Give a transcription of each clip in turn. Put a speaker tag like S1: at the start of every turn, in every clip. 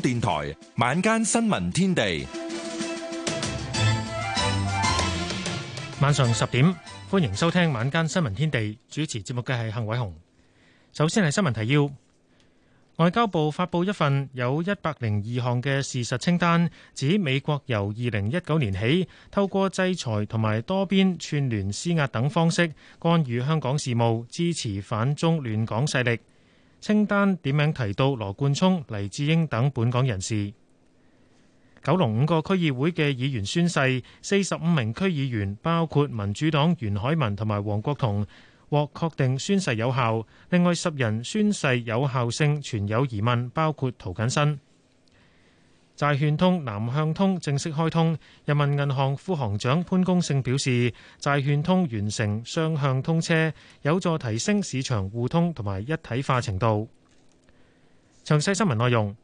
S1: 電台晚，晚
S2: 間新聞天地，晚上十點歡迎收聽晚間新聞天地。主持節目嘅係幸偉雄。首先係新聞提要，外交部發佈一份有一百零二項嘅事實清單，指美國由二零一九年起，透過制裁同埋多邊串聯施壓等方式，干預香港事務，支持反中亂港勢力。清單點名提到羅冠聰、黎智英等本港人士。九龍五個區議會嘅議員宣誓，四十五名區議員包括民主黨袁海文同埋黃國桐，獲確定宣誓有效，另外十人宣誓有效性存有疑問，包括涂謹申。債券通南向通正式開通，人民銀行副行長潘功勝表示，債券通完成雙向通車，有助提升市場互通同埋一體化程度。詳細新聞內容，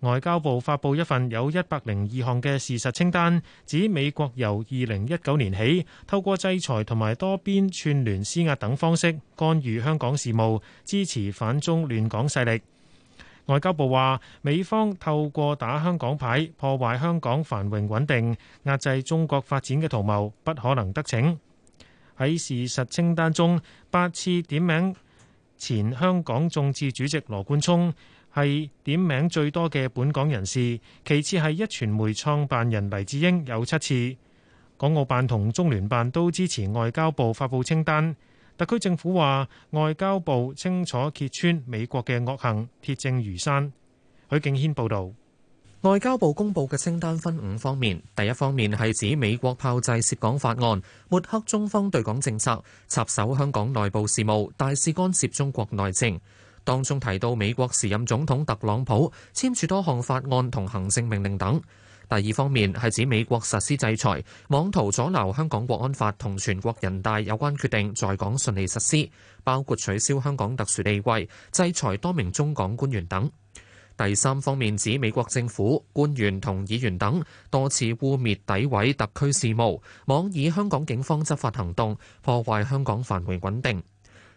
S2: 外交部發布一份有一百零二項嘅事實清單，指美國由二零一九年起，透過制裁同埋多邊串聯施壓等方式，干預香港事務，支持反中亂港勢力。外交部話，美方透過打香港牌，破壞香港繁榮穩定，壓制中國發展嘅圖謀，不可能得逞。喺事實清單中，八次點名前香港眾志主席羅冠聰係點名最多嘅本港人士，其次係壹傳媒創辦人黎智英有七次。港澳辦同中聯辦都支持外交部發布清單。特區政府話，外交部清楚揭穿美國嘅惡行，鐵證如山。許敬軒報導，外
S3: 交部公布嘅清單分五方面，第一方面係指美國炮製涉港法案，抹黑中方對港政策，插手香港內部事務，大肆干涉中國內政。當中提到美國時任總統特朗普簽署多項法案同行政命令等。第二方面係指美國實施制裁，妄圖阻撓香港國安法同全國人大有關決定在港順利實施，包括取消香港特殊地位、制裁多名中港官員等。第三方面指美國政府官員同議員等多次污蔑、詆毀特區事務，妄以香港警方執法行動破壞香港繁榮穩定。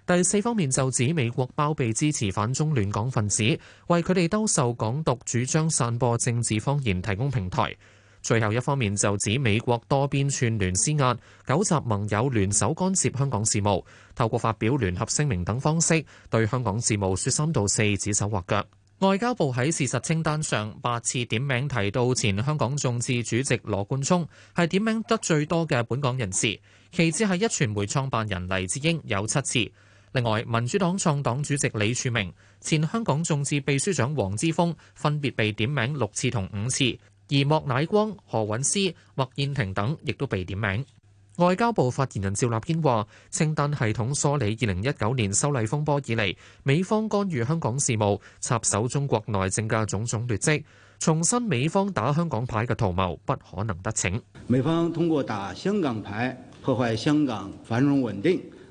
S3: 第四方面就指美國包庇支持反中亂港分子，為佢哋兜售港獨主張、散播政治謊言，提供平台。最後一方面就指美國多邊串聯施壓，糾集盟友聯手干涉香港事務，透過發表聯合聲明等方式對香港事務說三道四、指手畫腳。外交部喺事實清單上八次點名提到前香港眾志主席羅冠聰，係點名得最多嘅本港人士，其次係一傳媒創辦人黎智英有七次。另外，民主黨創黨主席李柱銘、前香港眾志秘書長黃之鋒分別被點名六次同五次，而莫乃光、何韻詩、麥燕婷等亦都被點名。外交部發言人趙立堅話，清單系統梳理二零一九年修例風波以嚟，美方干預香港事務、插手中國內政嘅種種劣跡，重申美
S4: 方打香港牌嘅圖謀不可能得逞。美方通過打香港牌破壞香港繁榮穩定，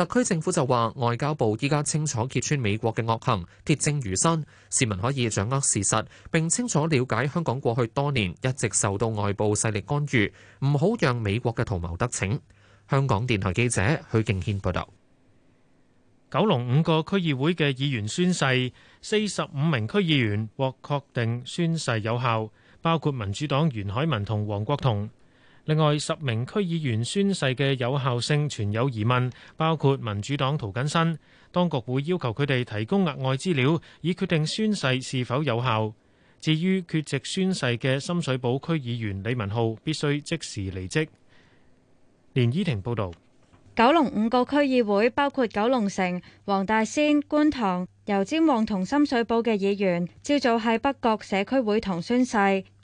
S3: 特區政府就話，外交部依家清楚揭穿美國嘅惡行，鐵證如山，市民可以掌握事實，並清楚了解香港過去多年一直受到外部勢力干預，唔好讓美國嘅圖謀得逞。香港電台記者許敬軒報導，
S2: 九龍五個區議會嘅議員宣誓，四十五名區議員獲確定宣誓有效，包括民主黨袁海文同黃國桐。另外十名區議員宣誓嘅有效性存有疑問，包括民主黨涂謹申。當局會要求佢哋提供額外資料，以決定宣誓是否有效。至於缺席宣誓嘅深水埗區議員李文浩，必須即時離職。連依婷報導，
S5: 九龍五個區議會，包括九龍城、黃大仙、觀塘、油尖旺同深水埗嘅議員，朝早喺北角社區會堂宣誓。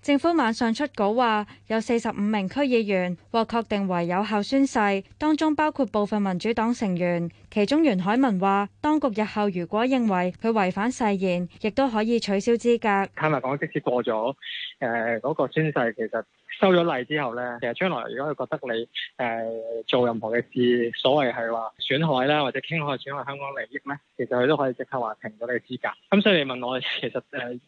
S5: 政府晚上出稿話，有四十五名區議員獲確定為有效宣誓，當中包括部分民主黨成員。其中袁海文話，當局日後如果認為佢違反誓言，亦都可以取消資格。
S6: 坦白講，即使過咗誒嗰個宣誓，其實……收咗例之後咧，其實將來如果佢覺得你誒做任何嘅事，所謂係話損害啦，或者傾害損害香港利益咧，其實佢都可以即刻話停咗你嘅資格。咁所以你問我，其實誒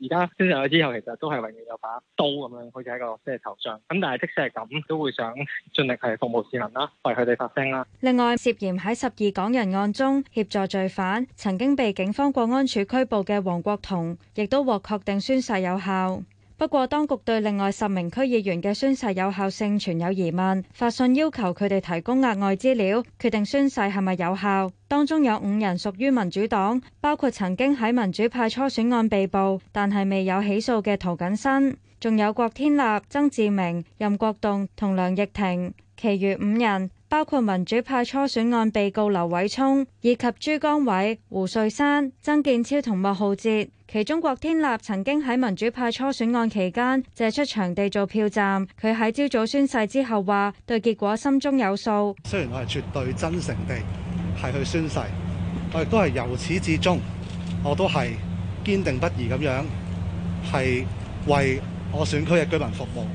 S6: 而家先上去之後，其實都係永遠有把刀咁樣，好似喺個即係頭上。咁但係即使係咁，都會想盡力係服務市民啦，為佢哋發聲啦。
S5: 另外，涉嫌喺十二港人案中協助罪犯，曾經被警方國安處拘捕嘅黃國桐，亦都獲確定宣誓有效。不過，當局對另外十名區議員嘅宣誓有效性存有疑問，發信要求佢哋提供額外資料，決定宣誓係咪有效。當中有五人屬於民主黨，包括曾經喺民主派初選案被捕，但係未有起訴嘅涂謹申，仲有郭天立、曾志明、任國棟同梁亦廷，其餘五人，包括民主派初選案被告劉偉聰以及朱剛偉、胡瑞山、曾建超同莫浩哲，其中郭天立曾經喺民主派初選案期間借出場地做票站。佢喺朝早宣誓之後話，對結果心中有數。
S3: 雖然我係絕對真誠地係去宣誓，我亦都係由始至終我都係堅定不移咁樣係為我選區嘅居民服務，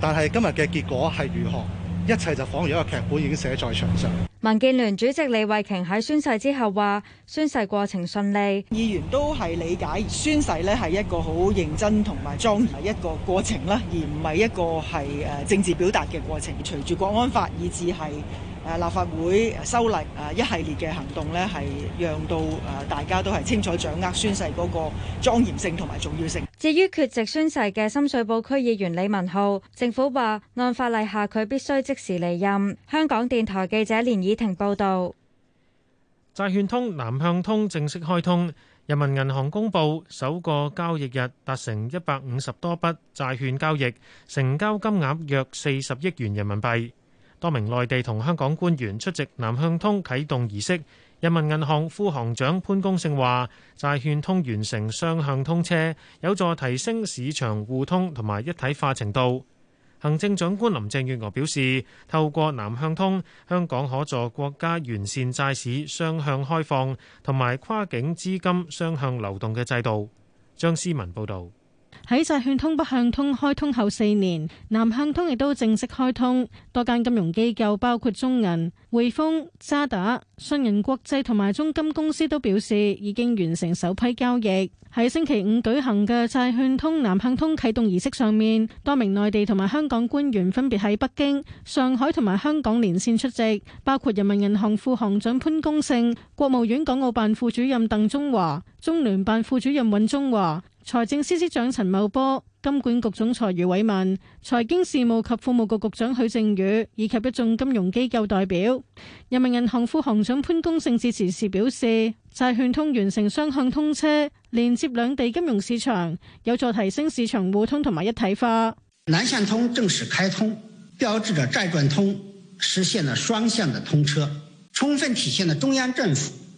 S3: 但係今日嘅結果係如何？一切就仿如一個劇本已經寫在牆上。
S5: 民建聯主席李慧瓊喺宣誓之後話：宣誓過程順利，議員都係理解宣誓呢係一個好認真同埋莊嚴嘅一個過程啦，而唔係一個係誒
S7: 政治表達嘅過程。隨住《國安法》以至係。誒立法會修例誒一系列嘅行動咧，係讓到誒大家都係清楚掌握宣誓嗰個莊嚴性同埋重要性。
S5: 至於缺席宣誓嘅深水埗區議員李文浩，政府話按法例下佢必須即時離任。香港電台記者連以婷報道。
S2: 債券通南向通正式開通，人民銀行公佈首個交易日達成一百五十多筆債券交易，成交金額約四十億元人民幣。多名內地同香港官員出席南向通啟動儀式。人民銀行副行長潘功勝話：債券通完成雙向通車，有助提升市場互通同埋一體化程度。行政長官林鄭月娥表示，透過南向通，香港可助國家完善債市雙向開放同埋跨境資金雙向流動嘅制度。張思文報導。
S8: 喺債券通北向通開通後四年，南向通亦都正式開通。多間金融機構包括中銀、匯豐、渣打、信銀國際同埋中金公司都表示已經完成首批交易。喺星期五舉行嘅債券通南向通啟動儀式上面，多名內地同埋香港官員分別喺北京、上海同埋香港連線出席，包括人民銀行副行長潘功勝、國務院港澳辦副主任鄧中華、中聯辦副主任尹宗華財政司司長陳茂波、金管局總裁余偉文、財經事務及庫務局局長許正宇以及一眾金融機構代表，人民銀行副行長潘功勝致辭時表示：債券通完成雙向通車，連接兩地金融市場，有助提升市場互通同埋一體化。
S7: 南向通正式開通，標誌着債券通實現了雙向的通車，充分體現了中央政府，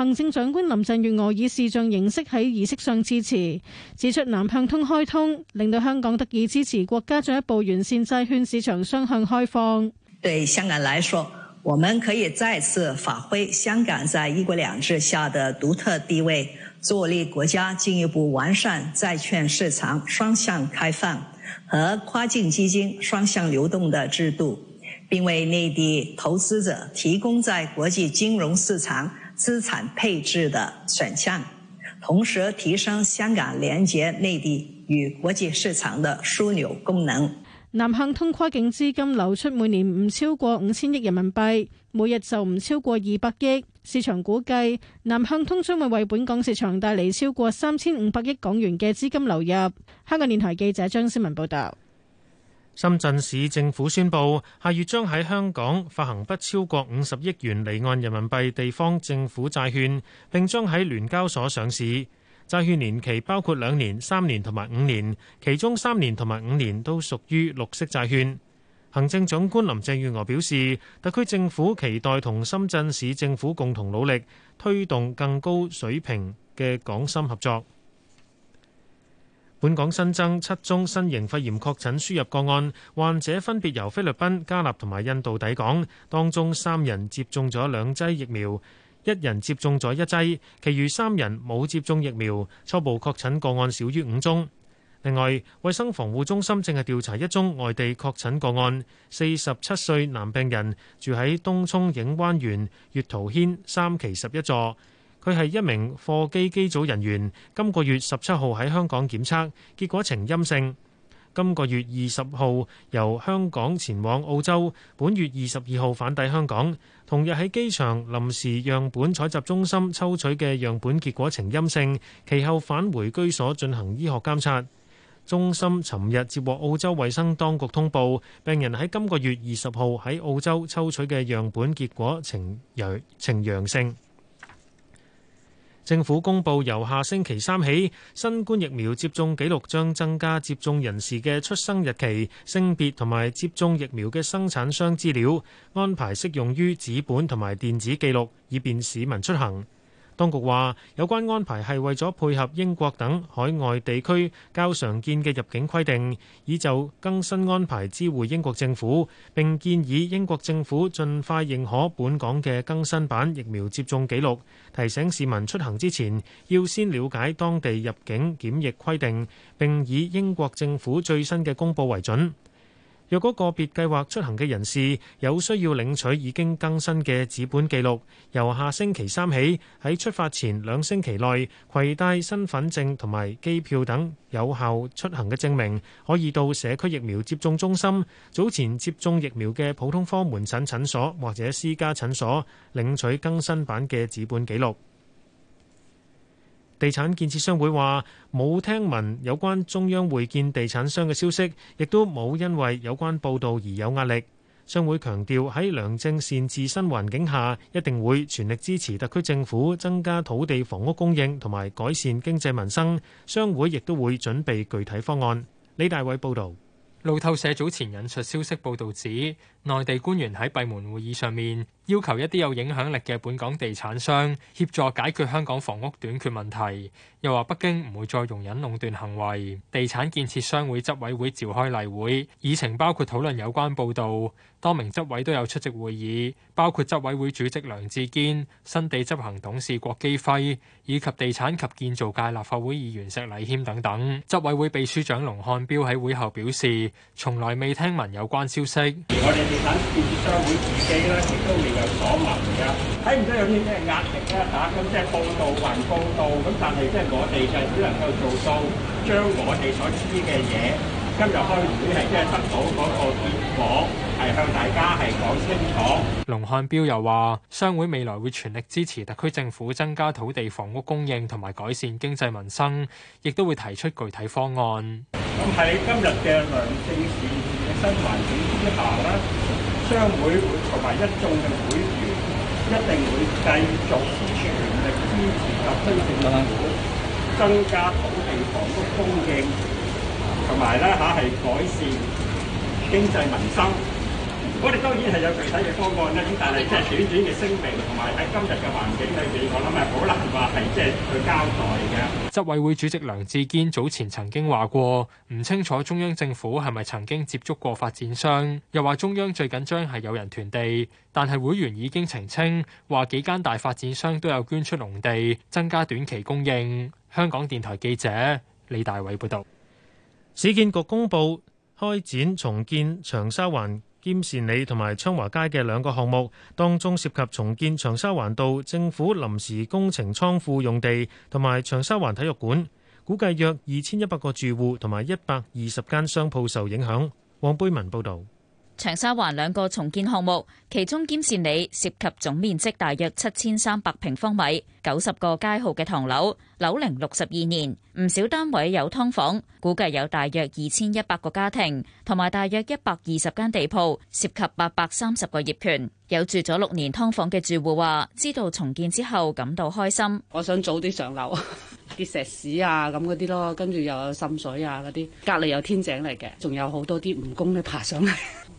S8: 行政長官林鄭月娥以視像形式喺儀式上致辭，指出南向通開通令到香港得以支持國家進一步完善債券市場雙向開放。對香港來說，我們可以再次發揮香港在一國兩制下的獨特地位，助
S7: 力國家進一步完善債券市場雙向開放和跨境基金雙向流動的制度，並為內地投資者提供在國際金融市場。資產配置的選項，
S8: 同時提升香港連接內地與國際市場的樞紐功能。南向通跨境資金流出每年唔超過五千億人民幣，每日就唔超過二百億。市場估計，南向通將會為本港市場帶嚟超過三千五百億港元嘅資金流入。香港電台記者張思文報道。
S2: 深圳市政府宣布，下月將喺香港發行不超過五十億元離岸人民幣地方政府債券，並將喺聯交所上市。債券年期包括兩年、三年同埋五年，其中三年同埋五年都屬於綠色債券。行政長官林鄭月娥表示，特區政府期待同深圳市政府共同努力，推動更高水平嘅港深合作。本港新增七宗新型肺炎確診輸入個案，患者分別由菲律賓、加納同埋印度抵港，當中三人接種咗兩劑疫苗，一人接種咗一劑，其餘三人冇接種疫苗。初步確診個案少於五宗。另外，衛生防護中心正係調查一宗外地確診個案，四十七歲男病人住喺東涌影灣園月桃軒三期十一座。佢係一名貨機機組人員，今個月十七號喺香港檢測，結果呈陰性。今個月二十號由香港前往澳洲，本月二十二號返抵香港，同日喺機場臨時樣本採集中心抽取嘅樣本結果呈陰性，其後返回居所進行醫學監察。中心尋日接獲澳洲衛生當局通報，病人喺今個月二十號喺澳洲抽取嘅樣本結果呈陽呈陽性。政府公布，由下星期三起，新冠疫苗接種記錄將增加接種人士嘅出生日期、性別同埋接種疫苗嘅生產商資料，安排適用於紙本同埋電子記錄，以便市民出行。當局話：有關安排係為咗配合英國等海外地區較常見嘅入境規定，以就更新安排支援英國政府，並建議英國政府盡快認可本港嘅更新版疫苗接種記錄。提醒市民出行之前要先了解當地入境檢疫規定，並以英國政府最新嘅公佈為準。若果個別計劃出行嘅人士有需要領取已經更新嘅紙本記錄，由下星期三起，喺出發前兩星期內攜帶身份證同埋機票等有效出行嘅證明，可以到社區疫苗接種中心、早前接種疫苗嘅普通科門診診所或者私家診所領取更新版嘅紙本記錄。地產建設商會話：冇聽聞有關中央會見地產商嘅消息，亦都冇因為有關報道而有壓力。商會強調喺良政善自身環境下，一定會全力支持特區政府增加土地房屋供應同埋改善經濟民生。商會亦都會準備具體方案。李大偉報道。
S1: 路透社早前引述消息報道指，內地官員喺閉門會議上面，要求一啲有影響力嘅本港地產商協助解決香港房屋短缺問題，又話北京唔會再容忍壟斷行為。地產建設商會執委會召開例會，議程包括討論有關報導，多名執委都有出席會議，包括執委會主席梁志堅、新地執行董事郭基輝以及地產及建造界立法會議員石禮謙等等。執委會秘書長龍漢彪喺會後表示，從來未聽聞有關消息
S4: 有所聞嘅，睇唔到有啲咩壓力咧，啊，咁即係報導還報導，咁但係即係我哋就只能夠做到將我哋所知嘅嘢，今日開會係即係得到嗰個結果，係向大家係講清楚。
S1: 龍漢標又話，商會未來會全力支持特區政府增加土地房屋供應同埋改善經濟民生，亦都會提出具體方案。咁
S4: 喺今日嘅良政善治嘅新環境之下咧，商會會，同埋一眾嘅會員一定會繼續全力支持特區政府增加土地房屋供應，同埋咧嚇係改善經濟民生。我哋當然係有具體嘅方案咧，但係即係短短嘅聲明，同埋喺今日嘅環境裏面，我諗係好難話係即係去交
S1: 代嘅。執委會主席梁志堅早前曾經話過，唔清楚中央政府係咪曾經接觸過發展商，又話中央最緊張係有人囤地，但係會員已經澄清話幾間大發展商都有捐出農地，增加短期供應。
S2: 香港電台記者李大偉報導。市建局公布開展重建長沙灣，兼善里同埋昌華街嘅兩個項目，當中涉及重建長沙環道、政府臨時工程倉庫用地同埋長沙環體育館，估計約二千一百個住戶同埋一百二十間商鋪受影響。黃貝文報道。
S9: 長沙灣兩個重建項目，其中兼善里涉及總面積大約七千三百平方米，九十個街號嘅唐樓，樓齡六十二年，唔少單位有劏房，估計有大約二千一百個家庭，同埋大約一百二十間地鋪，涉及八百三十個業權。有住咗六年㓥房嘅住戶話，知道重建之後感到開心。我想早啲上樓。 啲石屎啊咁嗰啲咯，跟住又有滲水啊嗰啲，隔離有天井嚟嘅，仲有好多啲蜈蚣咧爬上嚟，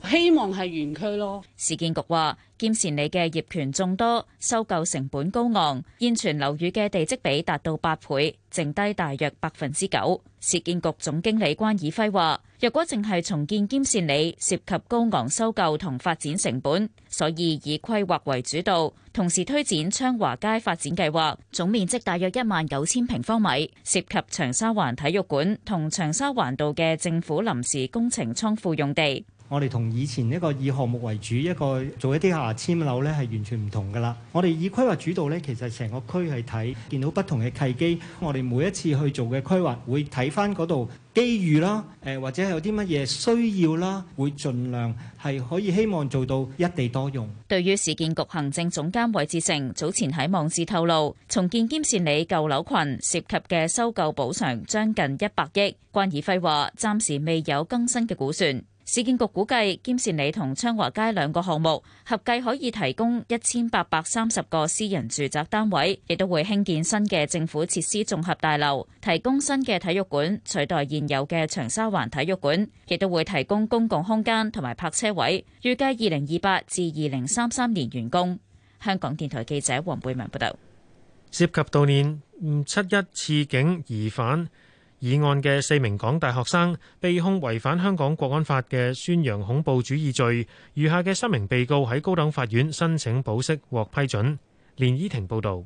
S9: 希望係原區咯。市建局話、啊。兼善里嘅業權眾多，收購成本高昂，現存樓宇嘅地積比達到八倍，剩低大約百分之九。市建局總經理關以輝話，若果淨係重建兼善里，涉及高昂收購同發展成本，所以以規劃為主導，同時推展昌華街發展計劃，總面積大約一萬九千平方米，涉及長沙灣體育館同長沙灣道嘅政府臨時工程倉庫用地。
S4: 我哋同以前呢個以項目為主，一個做一啲牙籤樓咧，係完全唔同噶啦。我哋以規劃主導咧，其實成個區係睇見到不同嘅契機，我哋每一次去做嘅規劃會睇翻嗰度機遇啦，誒或者有啲乜嘢需要啦，會盡量係可以希望做到一地多用。
S9: 對於市建局行政總監韋志成早前喺網誌透露，重建兼善里舊樓群涉及嘅收購補償將近一百億。關以輝話：暫時未有更新嘅估算。市建局估計，兼善里同昌華街兩個項目合計可以提供一千八百三十個私人住宅單位，亦都會興建新嘅政府設施綜合大樓，提供新嘅體育館取代現有嘅長沙灣體育館，亦都會提供公共空間同埋泊車位。預計二零二八至二零三三年完工。香港電台記者黃貝文報道。
S2: 涉及悼念唔七一刺警疑犯議案嘅四名港大學生被控違反香港國安法嘅宣揚恐怖主義罪，餘下嘅三名被告喺高等法院申請保釋獲批准。連依婷報道，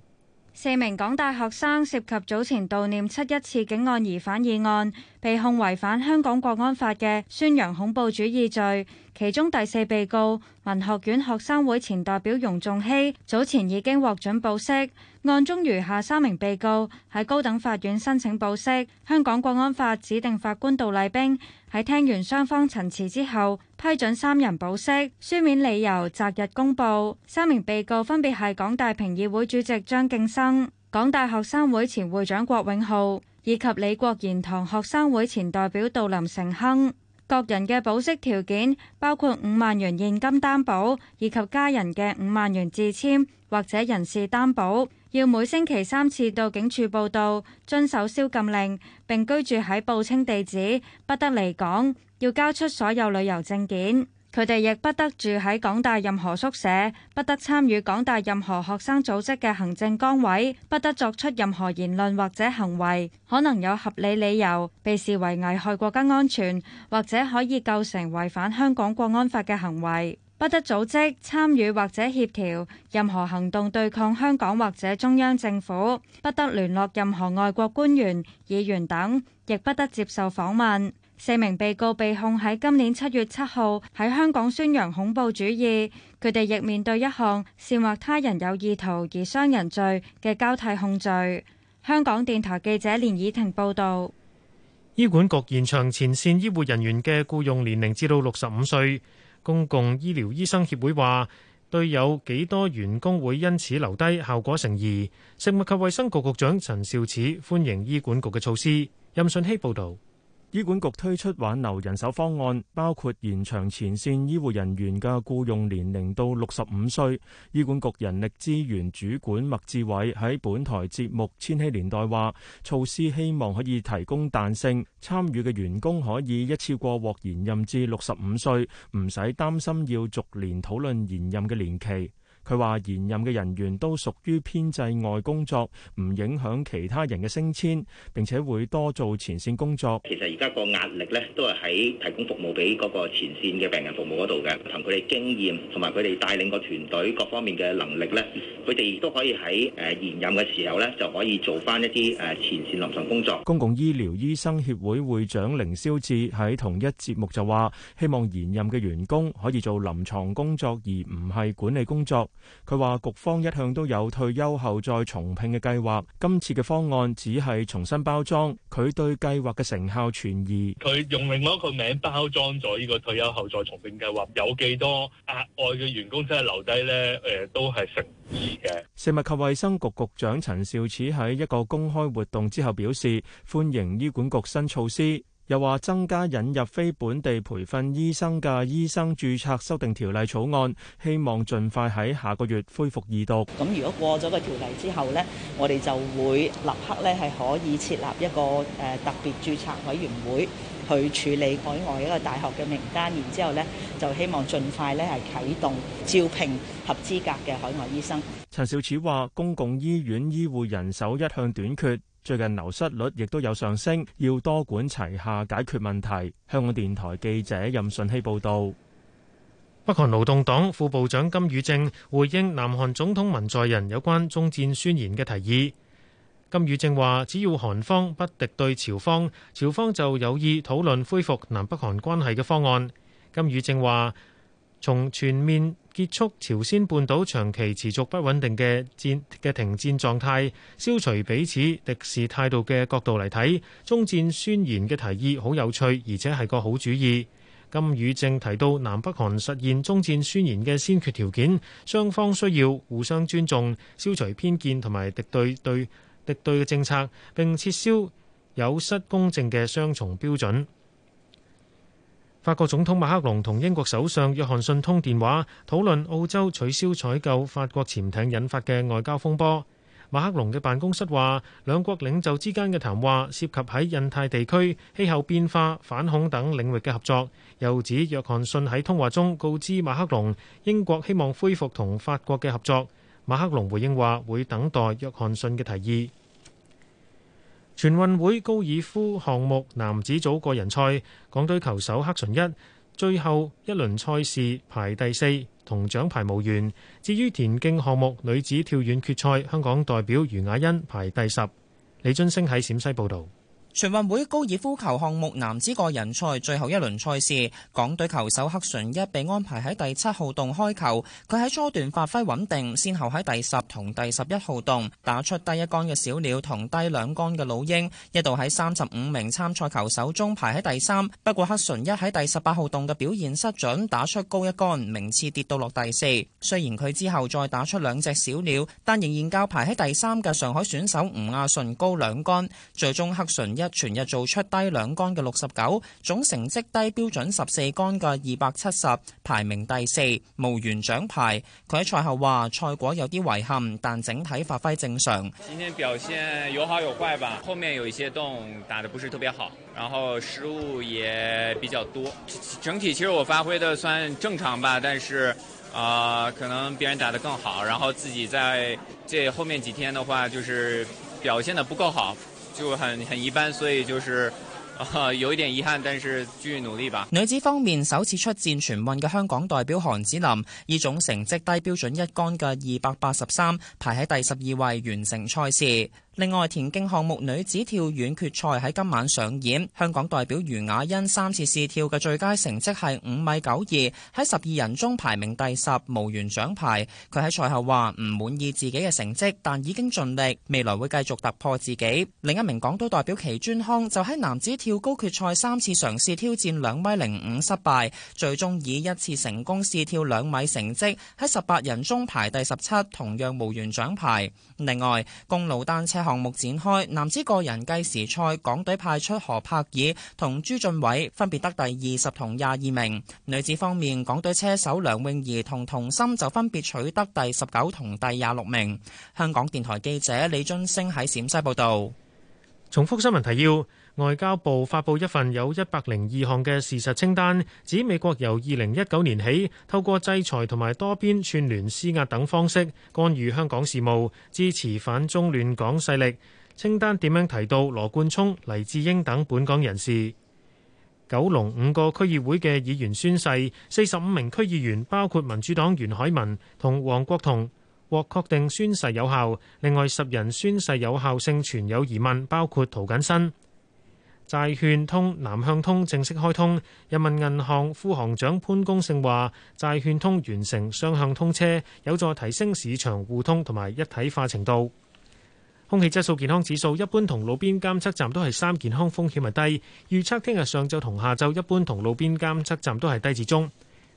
S5: 四名港大學生涉及早前悼念七一刺警案疑犯議案，被控違反香港國安法嘅宣揚恐怖主義罪。其中第四被告文學院學生會前代表容仲希早前已經獲准保釋，案中餘下三名被告喺高等法院申請保釋，香港國安法指定法官杜麗冰喺聽完雙方陳詞之後批准三人保釋書面理由擇日公布，三名被告分別係港大評議會主席張敬生、港大學生會前會長郭永浩以及李國賢堂學生會前代表杜林成亨。各人嘅保釋條件包括五萬元現金擔保，以及家人嘅五萬元自簽或者人事擔保。要每星期三次到警署報到，遵守宵禁令，並居住喺報稱地址，不得離港。要交出所有旅遊證件。佢哋亦不得住喺港大任何宿舍，不得參與港大任何學生組織嘅行政崗位，不得作出任何言論或者行為，可能有合理理由被視為危害國家安全，或者可以構成違反香港國安法嘅行為，不得組織、參與或者協調任何行動對抗香港或者中央政府，不得聯絡任何外國官員、議員等，亦不得接受訪問。四名被告被控喺今年七月七號喺香港宣揚恐怖主義，佢哋亦面對一項煽惑他人有意圖而傷人罪嘅交替控罪。香港電台記者連以婷報道。
S2: 醫管局延長前線醫護人員嘅雇傭年齡至到六十五歲。公共醫療醫生協會話，對有幾多員工會因此留低效果成疑。食物及衛生局局長陳肇始歡迎
S4: 醫管局嘅措施。任順希報道。醫管局推出挽留人手方案，包括延長前線醫護人員嘅雇傭年齡到六十五歲。醫管局人力資源主管麥志偉喺本台節目《千禧年代》話，措施希望可以提供彈性，參與嘅員工可以一次過獲延任至六十五歲，唔使擔心要逐年討論延任嘅年期。佢話：現任嘅人員都屬於編制外工作，唔影響其他人嘅升遷。並且會多做前線工作。其
S7: 實而家個壓力咧都係喺提供服務俾嗰個前線嘅病人服務嗰度嘅。憑佢哋經驗同埋佢哋帶領個團隊各方面嘅能力咧，佢哋亦都可以喺誒現任嘅時候咧就可以做翻一啲誒前線
S4: 臨牀工作。公共醫療醫生協會會長凌霄志喺同一節目就話：希望現任嘅員工可以做臨牀工作，而唔係管理工作。佢話局方一向都有退休後再重聘嘅計劃，今次嘅方案只係重新包裝。佢對計劃嘅成效存疑。
S1: 佢用另外一個名包裝咗呢個退休後再重聘計劃，有幾多額外嘅員工真係留低呢？誒、呃，都係
S2: 誠意
S4: 嘅。食物及衛生局局長陳肇始喺一個公開活動之後表示，歡迎醫管局新措施。又話增加引入非本地培訓醫生嘅醫生註冊修訂條例草案，希望盡快喺下個月恢復二讀。咁
S7: 如果過咗個條例之後呢，我哋就會立刻咧係可以設立一個誒特別註冊委員會去處理海外一個大學嘅名單，然之後呢，就希望盡快咧係啟動招聘合資格嘅海外醫生。
S4: 陳肇始話，公共醫院醫護人手一向短缺。最近流失率亦都有上升，要多管齊下解決問題。香港電台記者任順希報道。北韓勞動黨副部長金與正回應南
S2: 韓總統文在寅有關終戰宣言嘅提議。金與正話，只要韓方不敵對朝方，朝方就有意討論恢復南北韓關係嘅方案。金與正話，從全面結束朝鮮半島長期持續不穩定嘅戰嘅停戰狀態，消除彼此敵視態度嘅角度嚟睇，終戰宣言嘅提議好有趣，而且係個好主意。金宇正提到，南北韓實現終戰宣言嘅先決條件，雙方需要互相尊重，消除偏見同埋敵對對敵對嘅政策，並撤銷有失公正嘅雙重標準。法國總統馬克龍同英國首相約翰遜通電話，討論澳洲取消採購法國潛艇引發嘅外交風波。馬克龍嘅辦公室話，兩國領袖之間嘅談話涉及喺印太地區、氣候變化、反恐等領域嘅合作。又指約翰遜喺通話中告知馬克龍，英國希望恢復同法國嘅合作。馬克龍回應話，會等待約翰遜嘅提議。全運會高爾夫項目男子組個人賽，港隊球手黑純一最後一輪賽事排第四，同獎牌無緣。至於田徑項目女子跳遠決賽，香港代表余雅欣排第十。李津星喺陝西報導。全運會高爾夫球項目男子個人賽最後一輪賽事，
S10: 港隊球手黑純一被安排喺第七號洞開球。佢喺初段發揮穩定，先後喺第十同第十一號洞打出低一杆嘅小鳥同低兩杆嘅老鷹，一度喺三十五名參賽球手中排喺第三。不過黑純一喺第十八號洞嘅表現失準，打出高一杆，名次跌到落第四。雖然佢之後再打出兩隻小鳥，但仍然較排喺第三嘅上海選手吳亞順高兩杆，最終黑純一，全日做出低兩杆嘅六十九，總成績低標準十四杆嘅二百七十，排名第四無緣獎牌。佢喺賽後話：賽果有啲遺憾，但整體發揮正常。
S1: 今天表現有好有壞吧，後面
S3: 有一些洞打得不是特別好，然後失誤也比較多。整體其實我發揮得算正常吧，但是啊，呃，可能別人打得更好，然後自己在這後面幾天的話，就是表現得不夠好。就很很一般，所以就是，呃，有一點遺憾，但是繼續努力吧。
S10: 女子方面，首次出戰全運嘅香港代表韓子琳以總成績低標準一桿嘅二百八十三，排喺第十二位完成賽事。另外，田徑項目女子跳遠決賽喺今晚上演。香港代表余雅欣三次試跳嘅最佳成績係五米九二，喺十二人中排名第十，無緣獎牌。佢喺賽後話唔滿意自己嘅成績，但已經盡力，未來會繼續突破自己。另一名港都代表祁尊康就喺男子跳高決賽三次嘗試挑戰兩米零五失敗，最終以一次成功試跳兩米成績，喺十八人中排第十七，同樣無緣獎牌。另外，公路單車項目展開，男子個人計時賽，港隊派出何柏爾同朱俊偉分別得第二十同廿二名；女子方面，港隊車手梁詠儀同童心就分別取得第十九
S2: 同第廿六名。香港電台記者李津升喺陝西報道。重複新聞提要。外交部發布一份有一百零二項嘅事實清單，指美國由二零一九年起透過制裁同埋多邊串聯施壓等方式，干預香港事務，支持反中亂港勢力。清單點樣提到羅冠聰、黎智英等本港人士。九龍五個區議會嘅議員宣誓，四十五名區議員包括民主黨袁海文同黃國同獲確定宣誓有效，另外十人宣誓有效性存有疑問，包括涂謹申。債券通南向通正式開通，人民銀行副行長潘功勝話：債券通完成雙向通車，有助提升市場互通同埋一體化程度。空氣質素健康指數一般同路邊監測站都係三，健康風險係低，預測聽日上晝同下晝一般同路邊監測站都係低至中。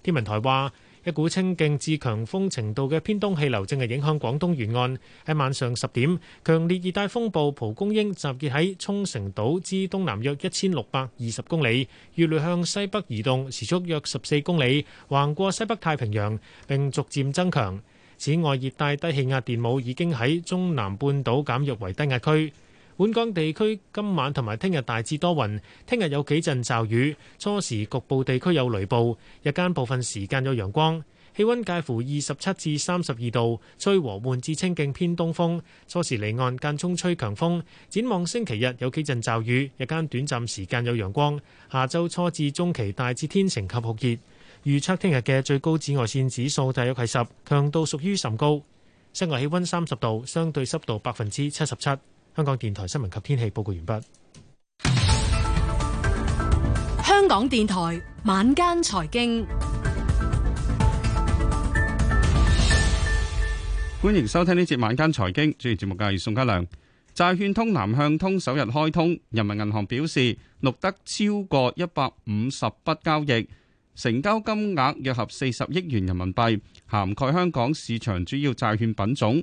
S2: 天文台話，一股清勁至強風程度嘅偏東氣流正係影響廣東沿岸。喺晚上十點，強烈熱帶風暴蒲公英集結喺沖繩島之東南約一千六百二十公里，越嚟向西北移動，時速約十四公里，橫過西北太平洋並逐漸增強。此外，熱帶低氣壓電母已經喺中南半島減弱為低壓區。本港地區今晚同埋聽日大致多雲，聽日有幾陣驟雨，初時局部地區有雷暴，日間部分時間有陽光，氣温介乎二十七至三十二度，吹和緩至清勁偏東風。初時離岸間中吹強風。展望星期日有幾陣驟雨，日間短暫時間有陽光。下周初至中期大致天晴及酷熱。預測聽日嘅最高紫外線指數大約係十，強度屬於甚高。室外氣温三十度，相對濕度百分之七十七。香港電台新聞及天氣報告完畢。
S8: 香港電台晚間財經，
S11: 歡迎收聽呢節晚間財經。主持節目嘅係宋家良。債券通南向通首日開通，人民銀行表示錄得超過一百五十筆交易，成交金額約合四十億元人民幣，涵蓋香港市場主要債券品種。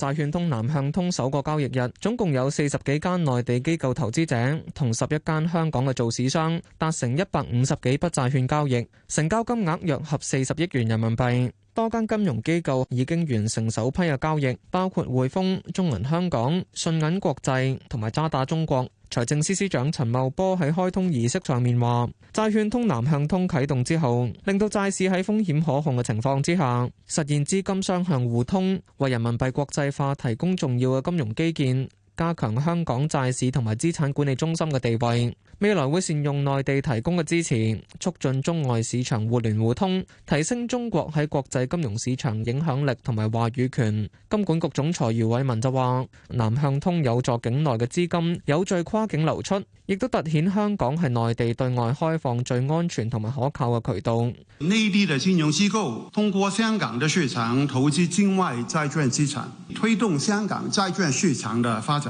S6: 債券通南向通首個交易日，總共有四十幾間內地機構投資者同十一間香港嘅造市商達成一百五十幾筆債券交易，成交金額約合四十億元人民幣。多間金融機構已經完成首批嘅交易，包括匯豐、中銀香港、信銀國際同埋渣打中國。財政司司長陳茂波喺開通儀式上面話：債券通南向通啟動之後，令到債市喺風險可控嘅情況之下，實現資金雙向互通，為人民幣國際化提供重要嘅金融基建。加強香港債市同埋資產管理中心嘅地位，未來會善用內地提供嘅支持，促進中外市場互聯互通，提升中國喺國際金融市場影響力同埋話語權。金管局總裁余偉文就話：南向通有助境內嘅資金有序跨境流出，亦都凸顯香港係內地對外開放最安全同埋可靠嘅渠道。
S11: 內地嘅金融機構，通過香港嘅市場投資境外債券資產，推動香港債券市場嘅發展。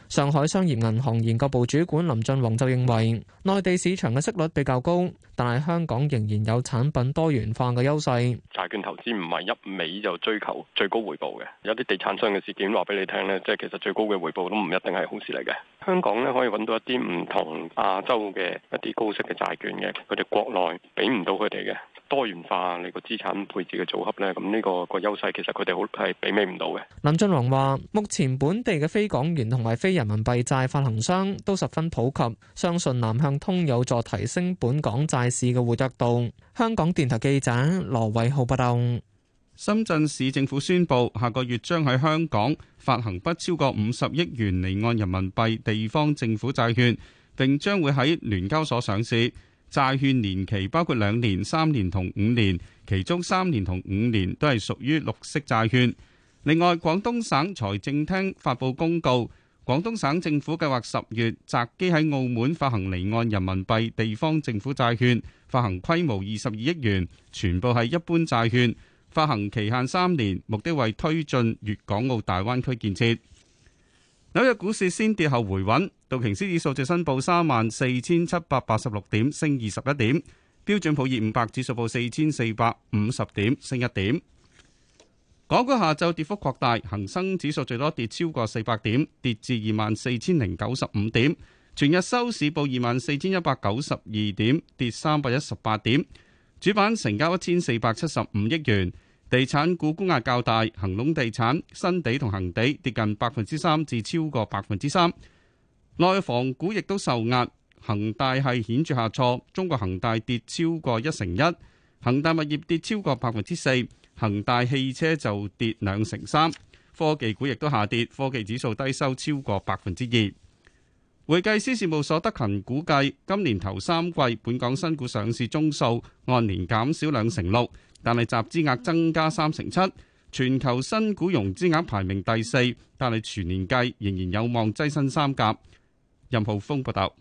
S6: 上海商業銀行研究部主管林俊宏就認為，內地市場嘅息率比較高，但係香港仍然有產品多元化嘅優勢。
S1: 債券投資唔係一味就追求最高回報嘅，有啲地產商嘅事件話俾你聽咧，即係其實最高嘅回報都唔一定係好事嚟嘅。香港咧可以揾到一啲唔同亞洲嘅一啲高息嘅債券嘅，佢哋國內俾唔到佢哋嘅。多元化你個資產配置嘅組合呢，咁呢個個優勢其實佢哋好係媲美唔到嘅。
S6: 林俊龍話：目前本地嘅非港元同埋非人民幣債發行商都十分普及，相信南向通有助提升本港債市嘅活躍度。香港電台記者羅偉浩報道。
S11: 深圳市政府宣布，下個月將喺香港發行不超過五十億元離岸人民幣地方政府債券，並將會喺聯交所上市。債券年期包括兩年、三年同五年，其中三年同五年都係屬於綠色債券。另外，廣東省財政廳發布公告，廣東省政府計劃十月擇機喺澳門發行離岸人民幣地方政府債券，發行規模二十二億元，全部係一般債券，發行期限三年，目的為推進粵港澳大灣區建設。紐約股市先跌後回穩，道瓊斯指數最新報三萬四千七百八十六點，升二十一點；標準普爾五百指數報四千四百五十點，升一點。港股下晝跌幅擴大，恒生指數最多跌超過四百點，跌至二萬四千零九十五點，全日收市報二萬四千一百九十二點，跌三百一十八點，主板成交一千四百七十五億元。地產股沽壓較大，恒隆地產、新地同恒地跌近百分之三至超過百分之三。內房股亦都受壓，恒大系顯著下挫，中國恒大跌超過一成一，恒大物業跌超過百分之四，恒大汽車就跌兩成三。科技股亦都下跌，科技指數低收超過百分之二。會計師事務所德勤估計，今年頭三季本港新股上市宗數按年減少兩成六。但係集資額增加三成七，全球新股融資額排名第四，但係全年計仍然有望躋身三甲。任浩峰報道，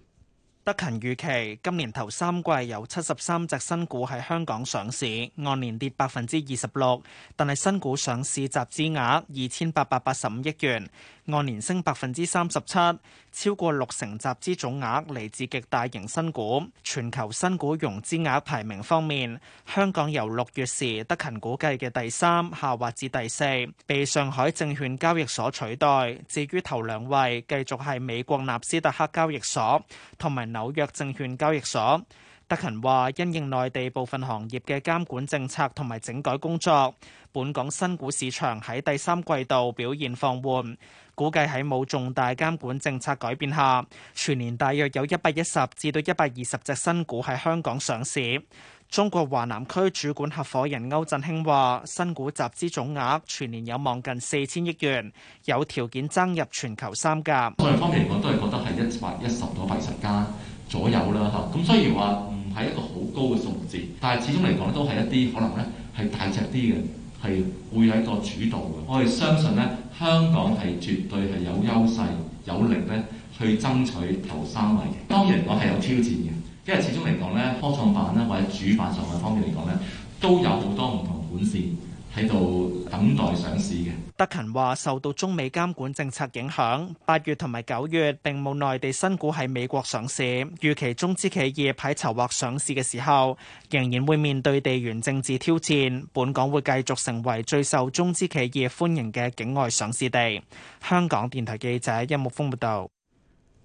S7: 德勤預期今年頭三季有七十三隻新股喺香港上市，按年跌百分之二十六，但係新股上市集資額二千八百八十五億元。按年升百分之三十七，超過六成集資總額嚟自極大型新股。全球新股融資額排名方面，香港由六月時德勤估計嘅第三下滑至第四，被上海證券交易所取代。至於頭兩位，繼續係美國納斯達克交易所同埋紐約證券交易所。德勤話：因應內地部分行業嘅監管政策同埋整改工作，本港新股市場喺第三季度表現放緩。估計喺冇重大監管政策改變下，全年大約有一百一十至到一百二十隻新股喺香港上市。中國華南區主管合夥人歐振興話：新股集資總額全年有望近四千億元，有條件增入全
S4: 球三甲。方面嚟講，都係覺得係一百一十到一十家左右啦。嚇，咁所以話。係一個好高嘅數字，但係始終嚟講都係一啲可能咧係大隻啲嘅，係會係一個主導嘅。我哋相信咧，香港係絕對係有優勢、有力咧去爭取頭三位嘅。當然嚟講係有挑戰嘅，因為始終嚟講咧，科創板咧或者主板上嘅方面嚟講咧，都有好多唔同管線喺度等待上市嘅。
S7: 德勤話受到中美監管政策影響，八月同埋九月並冇內地新股喺美國上市。預期中資企業喺籌劃上市嘅時候，仍然會面對地緣政治挑戰。本港會繼續成為最受中資企業歡迎嘅境外上市地。香港電台記者殷木豐報道。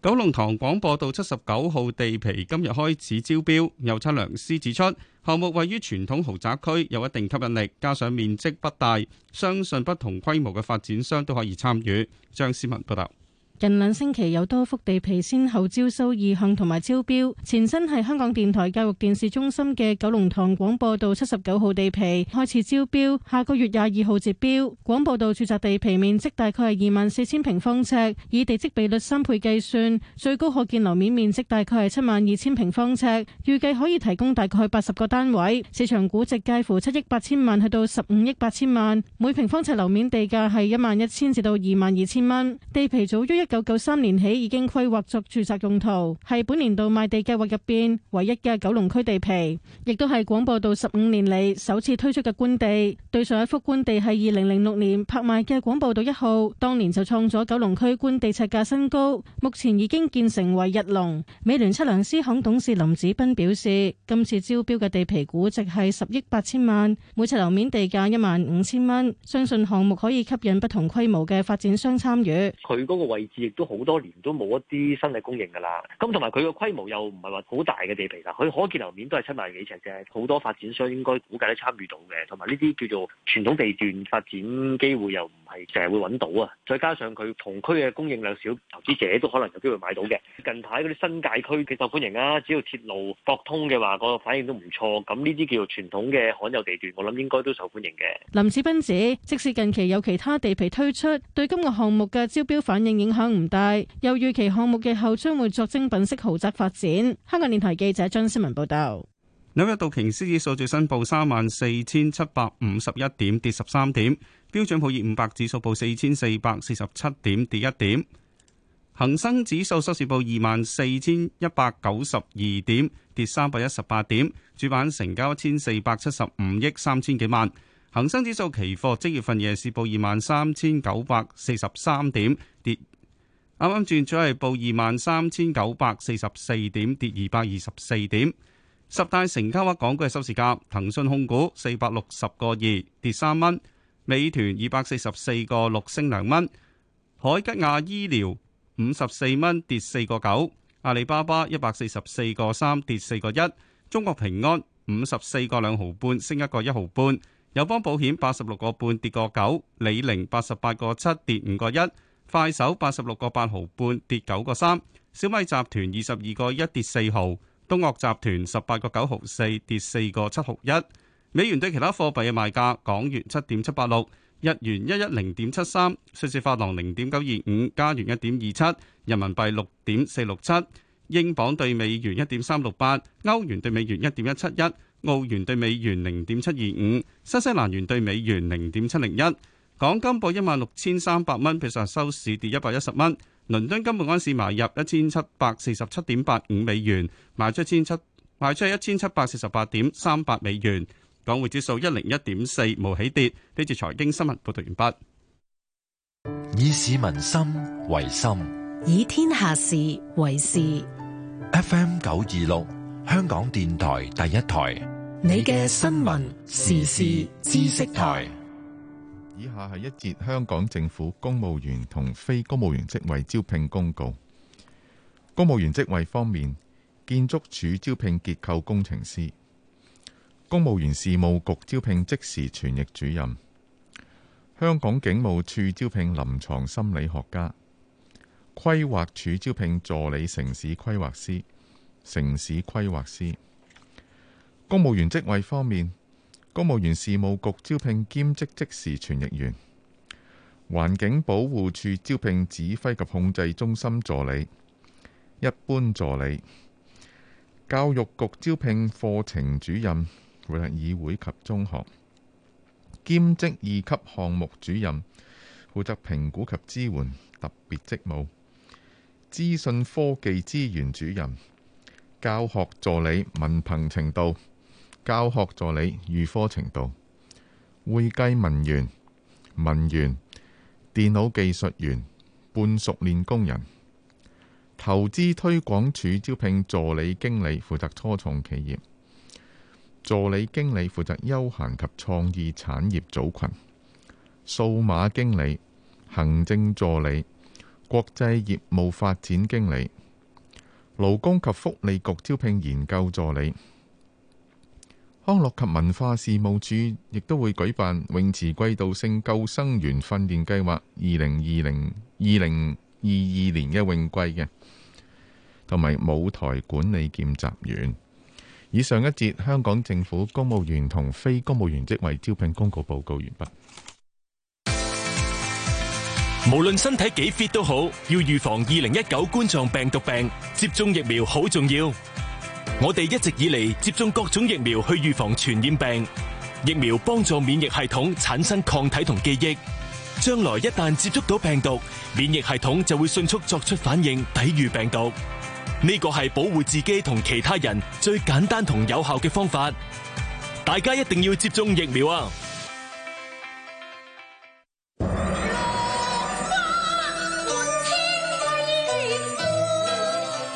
S11: 九龍塘廣播道七十九號地皮今日開始招標，有測量師指出，項目位於傳統豪宅區，有一定吸引力，加上面積不大，相信不同規模嘅發展商都可以參與。張思文報道。
S8: 近兩星期有多幅地皮先後招收意向同埋招標，前身係香港電台教育電視中心嘅九龍塘廣播道七十九號地皮開始招標，下個月廿二號截標。廣播道住宅地皮面積大概係二萬四千平方尺，以地積比率三倍計算，最高可建樓面面積大概係七萬二千平方尺，預計可以提供大概八十個單位。市場估值介乎七億八千萬去到十五億八千萬，每平方尺樓面地價係一萬一千至到二萬二千蚊。地皮早於一一九九三年起已經規劃作住宅用途，係本年度賣地計劃入邊唯一嘅九龍區地皮，亦都係廣播道十五年嚟首次推出嘅官地。對上一幅官地係二零零六年拍賣嘅廣播道一號，當年就創咗九龍區官地尺價新高。目前已經建成為日龍。美聯測量師行董事林子斌表示，今次招標嘅地皮估值係十億八千萬，每尺樓面地價一萬五千蚊，相信項目可以吸引不同規模嘅發展商參與。
S12: 佢
S3: 個位。亦都好多年都冇一啲新嘅供應㗎啦，咁同埋佢個規模又唔係話好大嘅地皮啦，佢可建樓面都係七萬幾尺嘅，好多發展商應該估計都參與到嘅，同埋呢啲叫做傳統地段發展機會又唔係成日會揾到啊。再加上佢同區嘅供應量少，投資者都可能有機會買到嘅。近排嗰啲新界區幾受歡迎啊，只要鐵
S2: 路博通嘅話，個反應都唔錯。咁呢啲叫做傳統嘅罕有地段，我諗應該都受歡
S8: 迎嘅。林子斌指，即使近期有其他地皮推出，對今個項目嘅招標反應影，影響唔大，又預期項目嘅後將會作精品式豪宅發展。香港電台記者張思文報道。
S11: 紐約道瓊斯指數最新報三萬四千七百五十一點，跌十三點。標準普爾五百指數報四千四百四十七點，跌一點。恒生指數收市報二萬四千一百九十二點，跌三百一十八點。主板成交一千四百七十五億三千幾萬。恒生指數期貨即月份夜市報二萬三千九百四十三點，跌，啱啱轉咗係報二萬三千九百四十四點，跌二百二十四點。十大成交額港股嘅收市價，騰訊控股四百六十個二跌三蚊，美團二百四十四個六升兩蚊，海吉亞醫療五十四蚊跌四個九，阿里巴巴一百四十四個三跌四個一，中國平安五十四個兩毫半升一個一毫半，友邦保險八十六個半跌個九，李寧八十八個七跌五個一，快手八十六個八毫半跌九個三，小米集團二十二個一跌四毫。東嶽集團十八個九毫四，跌四個七毫一。美元對其他貨幣嘅賣價：港元七點七八六，日元一一零點七三，瑞士法郎零點九二五，加元一點二七，人民幣六點四六七，英鎊對美元一點三六八，歐元對美元一點一七一，澳元對美元零點七二五，新西蘭元對美元零點七零一。港金報一萬六千三百蚊，比上收市跌一百一十蚊。倫敦金每安市買入一千七百四十七點八五美元，賣出一千七賣出一千七百四十八點三百美元。港匯指數一零一點四，冇起跌。呢次財經新聞報道完畢。以市民心為心，以天下事為
S8: 事。F M
S11: 九二六，
S1: 香港電台第一台，你嘅新聞時事知識台。
S12: 以下係一節香港政府公務員同非公務員職位招聘公告。公務員職位方面，建築署招聘結構工程師；公務員事務局招聘即時傳譯主任；香港警務處招聘臨床心理學家；規劃署招聘助理城市規劃師、城市規劃師。公務員職位方面。公務員事務局招聘兼職即時傳譯員，環境保護處招聘指揮及控制中心助理、一般助理，教育局招聘課程主任（會達議會及中學兼職二級項目主任，負責評估及支援特別職務、資訊科技資源主任、教學助理文憑程度）。教學助理、預科程度、會計文員、文員、電腦技術員、半熟練工人、投資推廣署招聘助理經理，負責初創企業助理經理，負責休閒及創意產業組群。數碼經理、行政助理、國際業務發展經理、勞工及福利局招聘研究助理。康樂及文化事務署亦都會舉辦泳池季度性救生員訓練計劃，二零二零二零二二年嘅泳季嘅，同埋舞台管理見習員。以上一節香港政府公務員同非公務員職位招聘公告報告完畢。
S4: 無論身體幾 fit 都好，要預防二零一九冠狀病毒病，接種疫苗好重要。我哋一直以嚟接種各種疫苗去預防傳染病，疫苗幫助免疫系統產生抗體同記憶，將來一旦接觸到病毒，免疫系統就會迅速作出反應抵禦病毒。呢個係保護自己同其他人最簡單同有效嘅方法，大家一定要接種疫苗啊！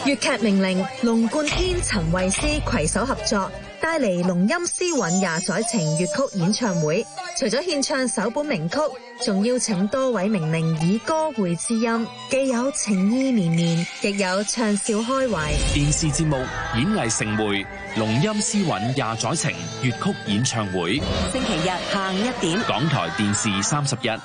S8: 粵劇名伶龍貫天、陳慧
S5: 思攜手合作，帶嚟《龍音詩韻廿載情》粵曲演唱會。除咗獻唱首本名曲，仲邀請多位名伶以歌會知音，既有情意綿綿，亦有暢笑開懷。
S3: 電視節目《演藝盛會·龍音詩韻廿載情》粵曲演唱會，
S5: 星期日下午
S3: 一點，港台電視三十日。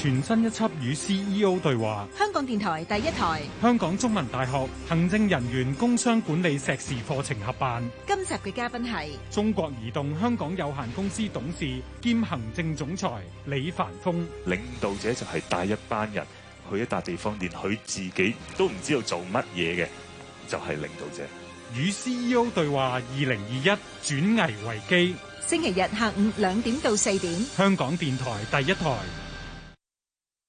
S1: 全新一輯與 CEO 對話，
S9: 香港電台第一台、
S1: 香港中文大學行政人員工商管理碩士課程合辦。
S9: 今集嘅嘉賓係
S1: 中國移動香港有限公司董事兼行政總裁李凡峰。
S4: 領導者就係帶一班人去一笪地方，連佢自己都唔知道做乜嘢嘅，就係領導者。與
S1: CEO 對話2021，轉危為機，
S9: 星期日下午兩點到四點，
S1: 香港電台第一台。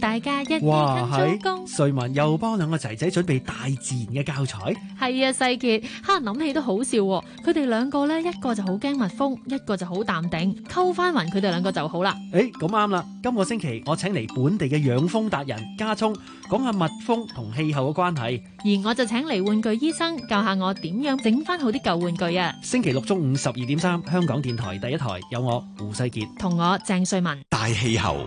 S9: 大家一齊開工，
S1: 瑞文又幫兩個仔仔準備大自然
S7: 嘅教材。
S3: 係啊，世傑，哈諗起都好笑，哦。佢哋兩個咧，一個就好驚蜜蜂，一個就好淡定。溝翻勻佢哋兩個就好啦。
S7: 誒、欸，咁啱啦，今個星期我請嚟本地嘅養蜂達人家聰，講下蜜蜂同氣候嘅關係。而我就
S3: 請嚟玩具醫生，教下我點樣整翻好啲舊玩具啊。
S7: 星期六中午十二點三，香港電台第一台有我胡世傑
S9: 同我鄭瑞文
S7: 大氣候。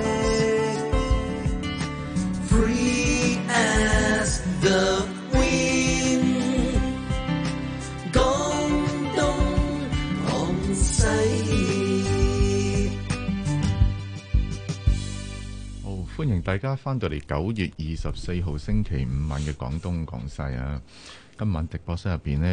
S12: 歡迎大家翻到嚟九
S8: 月二十四號星期五晚嘅廣東廣西啊！今晚直播室入邊咧。